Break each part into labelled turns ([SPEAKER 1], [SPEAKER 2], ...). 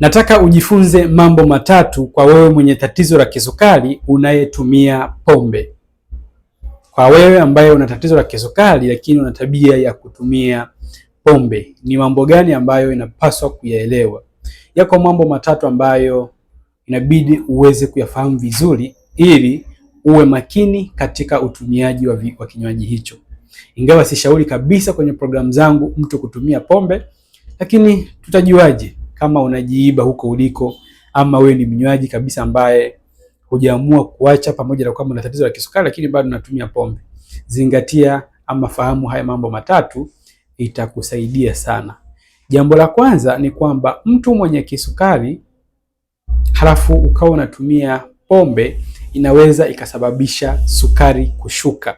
[SPEAKER 1] Nataka ujifunze mambo matatu kwa wewe mwenye tatizo la kisukari unayetumia pombe. Kwa wewe ambaye una tatizo la kisukari lakini una tabia ya kutumia pombe, ni mambo gani ambayo inapaswa kuyaelewa? Yako mambo matatu ambayo inabidi uweze kuyafahamu vizuri ili uwe makini katika utumiaji wa, wa kinywaji hicho. Ingawa sishauri kabisa kwenye programu zangu mtu kutumia pombe, lakini tutajuaje? kama unajiiba huko uliko, ama wewe ni mnywaji kabisa ambaye hujaamua kuacha, pamoja na kwamba una tatizo la kisukari, lakini bado unatumia pombe, zingatia ama fahamu haya mambo matatu, itakusaidia sana. Jambo la kwanza ni kwamba mtu mwenye kisukari halafu ukawa unatumia pombe, inaweza ikasababisha sukari kushuka,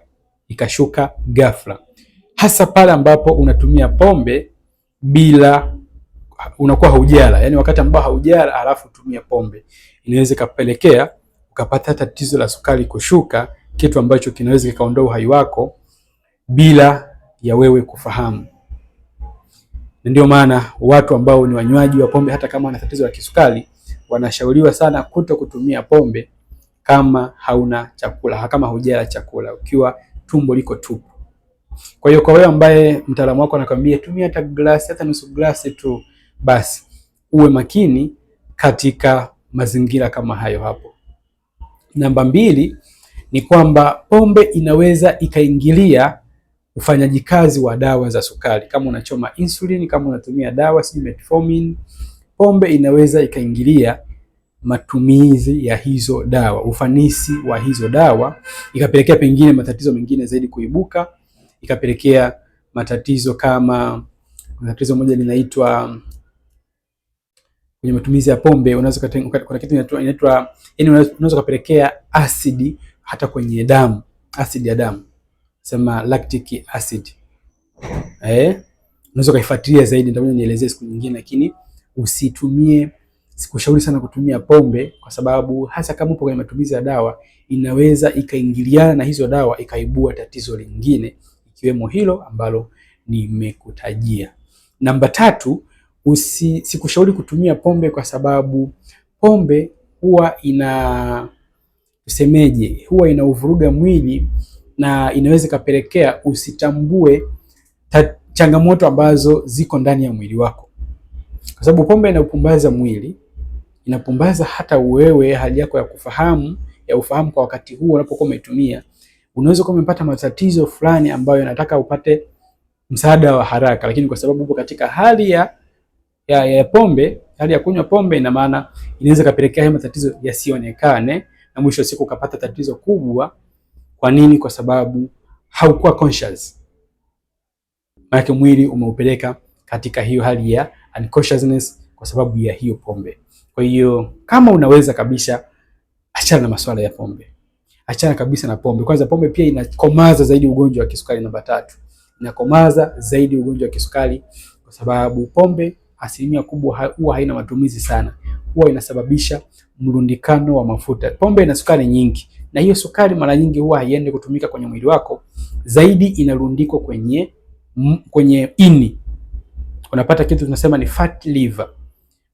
[SPEAKER 1] ikashuka ghafla, hasa pale ambapo unatumia pombe bila unakuwa haujala, yani wakati ambao haujala halafu tumia pombe inaweza ikapelekea ukapata tatizo la sukari kushuka, kitu ambacho kinaweza kikaondoa uhai wako bila ya wewe kufahamu. Ndio maana watu ambao ni wanywaji wa pombe, hata kama wana tatizo la kisukari, wanashauriwa sana kuto kutumia pombe kama hauna chakula, kama hujala chakula, ukiwa tumbo liko tupu. Kwa hiyo kwa wewe ambaye mtaalamu wako anakwambia tumia hata glasi, hata nusu glasi tu basi uwe makini katika mazingira kama hayo hapo. Namba mbili ni kwamba pombe inaweza ikaingilia ufanyaji kazi wa dawa za sukari. Kama unachoma insulin, kama unatumia dawa si metformin, pombe inaweza ikaingilia matumizi ya hizo dawa, ufanisi wa hizo dawa, ikapelekea pengine matatizo mengine zaidi kuibuka, ikapelekea matatizo kama tatizo moja linaitwa kwenye matumizi ya pombe unaweza kuna kitu inaitwa yani, unaweza kupelekea asidi hata kwenye damu, asidi ya damu sema lactic acid eh, unaweza kuifuatilia zaidi, ndio nielezee siku nyingine, lakini usitumie, sikushauri sana kutumia pombe, kwa sababu hasa kama upo kwenye matumizi ya dawa, inaweza ikaingiliana na hizo dawa ikaibua tatizo lingine, ikiwemo hilo ambalo nimekutajia. Namba tatu usi, sikushauri kutumia pombe kwa sababu pombe huwa ina usemeje huwa inauvuruga mwili na inaweza ikapelekea usitambue ta, changamoto ambazo ziko ndani ya mwili wako, kwa sababu pombe inapumbaza mwili, inapumbaza hata wewe hali yako ya kufahamu ya ufahamu kwa wakati huo unapokuwa umetumia unaweza kuwa umepata matatizo fulani ambayo yanataka upate msaada wa haraka, lakini kwa sababu upo katika hali ya ya, ya pombe, hali ya kunywa pombe, ina maana inaweza kapelekea haya matatizo yasionekane na mwisho wa siku ukapata tatizo kubwa. Kwa nini? Kwa sababu haukuwa conscious, maana mwili umeupeleka katika hiyo hali ya unconsciousness kwa sababu ya hiyo pombe. Kwa hiyo kama unaweza kabisa, achana na masuala ya pombe, achana kabisa na pombe. Kwanza pombe pia inakomaza zaidi ugonjwa wa kisukari namba tatu, inakomaza zaidi ugonjwa wa kisukari kwa sababu pombe asilimia kubwa huwa haina matumizi sana, huwa inasababisha mrundikano wa mafuta. Pombe ina sukari nyingi, na hiyo sukari mara nyingi huwa haiendi kutumika kwenye mwili wako, zaidi inarundikwa kwenye m, kwenye ini. Unapata kitu tunasema ni fat liver.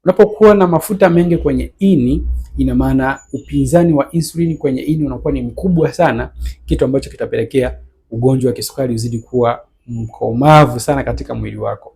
[SPEAKER 1] Unapokuwa na mafuta mengi kwenye ini, ina maana upinzani wa insulini kwenye ini unakuwa ni mkubwa sana, kitu ambacho kitapelekea ugonjwa wa kisukari uzidi kuwa mkomavu sana katika mwili wako.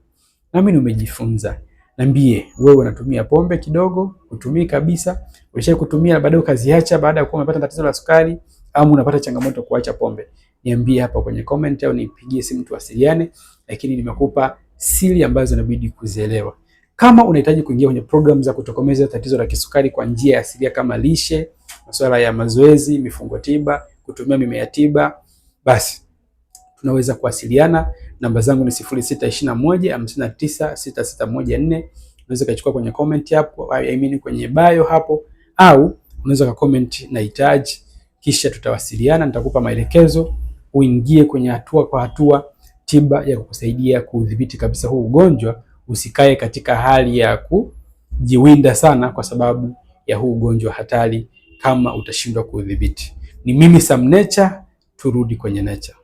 [SPEAKER 1] Naamini nimejifunza. Niambie wewe unatumia pombe kidogo, utumii kabisa, ulishawahi kutumia baadaye ukaziacha baada ya kuwa umepata tatizo la sukari au unapata changamoto kuacha pombe? Niambie hapa kwenye comment au nipigie simu tuwasiliane, lakini nimekupa siri ambazo inabidi kuzielewa. Kama unahitaji kuingia kwenye program za kutokomeza tatizo la kisukari kwa njia ya asilia kama lishe, masuala ya mazoezi, mifungo tiba, kutumia mimea tiba, basi tunaweza kuwasiliana. Namba zangu ni 0621 596614. Unaweza ukachukua kwenye comment hapo, I mean kwenye bio hapo, au unaweza comment nahitaji, kisha tutawasiliana, nitakupa maelekezo uingie kwenye hatua kwa hatua tiba ya kukusaidia kuudhibiti kabisa huu ugonjwa. Usikae katika hali ya kujiwinda sana kwa sababu ya huu ugonjwa hatari, kama utashindwa kuudhibiti. Ni mimi Sam Nature, turudi kwenye nature.